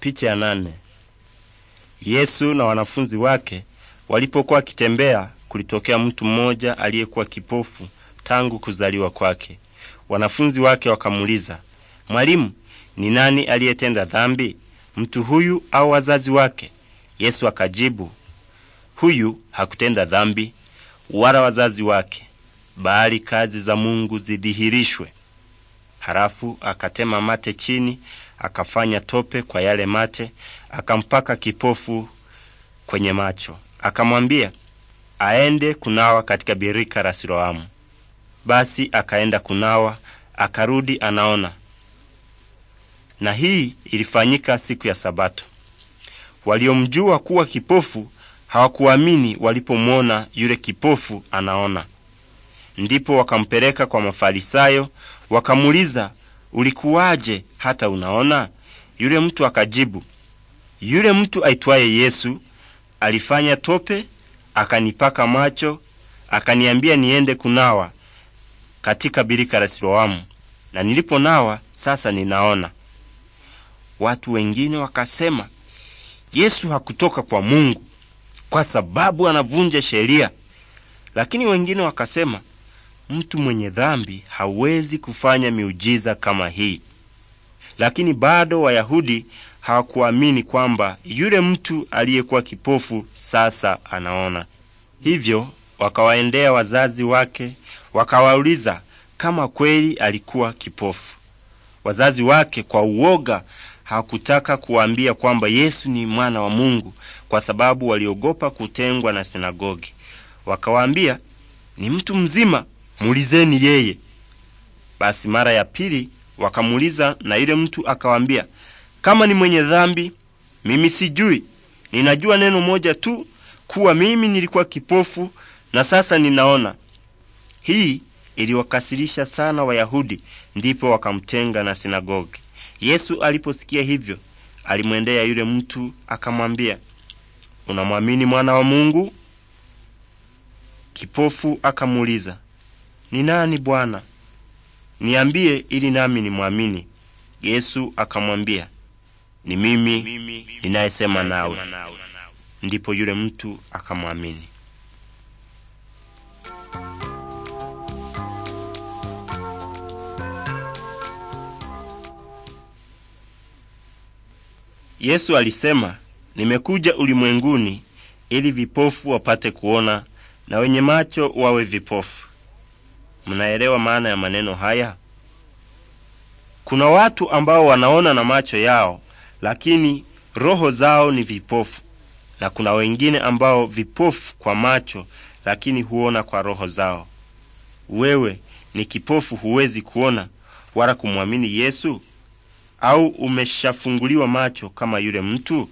Picha ya nane. Yesu na wanafunzi wake walipokuwa wakitembea, kulitokea mtu mmoja aliyekuwa kipofu tangu kuzaliwa kwake. Wanafunzi wake wakamuuliza, Mwalimu, ni nani aliyetenda dhambi, mtu huyu au wazazi wake? Yesu akajibu, huyu hakutenda dhambi wala wazazi wake, bali kazi za Mungu zidhihirishwe. Halafu akatema mate chini akafanya tope kwa yale mate, akampaka kipofu kwenye macho, akamwambia aende kunawa katika birika la Siloamu. Basi akaenda kunawa, akarudi anaona. Na hii ilifanyika siku ya Sabato. Waliomjua kuwa kipofu hawakuamini walipomwona yule kipofu anaona. Ndipo wakampeleka kwa Mafarisayo, wakamuuliza ulikuwaje hata unaona? Yule mtu akajibu, yule mtu aitwaye Yesu alifanya tope akanipaka macho, akaniambia niende kunawa katika birika la Siloamu, na niliponawa sasa ninaona. Watu wengine wakasema, Yesu hakutoka kwa Mungu kwa sababu anavunja sheria, lakini wengine wakasema Mtu mwenye dhambi hawezi kufanya miujiza kama hii. Lakini bado Wayahudi hawakuamini kwamba yule mtu aliyekuwa kipofu sasa anaona. Hivyo wakawaendea wazazi wake, wakawauliza kama kweli alikuwa kipofu. Wazazi wake kwa uoga hawakutaka kuwaambia kwamba Yesu ni mwana wa Mungu kwa sababu waliogopa kutengwa na sinagogi. Wakawaambia, ni mtu mzima muulizeni yeye. Basi mara ya pili wakamuuliza, na yule mtu akawaambia, kama ni mwenye dhambi mimi sijui, ninajua neno moja tu, kuwa mimi nilikuwa kipofu na sasa ninaona. Hii iliwakasirisha sana Wayahudi, ndipo wakamtenga na sinagogi. Yesu aliposikia hivyo, alimwendea yule mtu akamwambia, unamwamini mwana wa Mungu? Kipofu akamuuliza ni nani Bwana? Niambie ili nami nimwamini. Yesu akamwambia, ni mimi ninayesema nawe. Ndipo yule mtu akamwamini. Yesu alisema, nimekuja ulimwenguni ili vipofu wapate kuona na wenye macho wawe vipofu. Mnaelewa maana ya maneno haya? Kuna watu ambao wanaona na macho yao, lakini roho zao ni vipofu, na kuna wengine ambao vipofu kwa macho, lakini huona kwa roho zao. Wewe ni kipofu, huwezi kuona wala kumwamini Yesu? Au umeshafunguliwa macho kama yule mtu?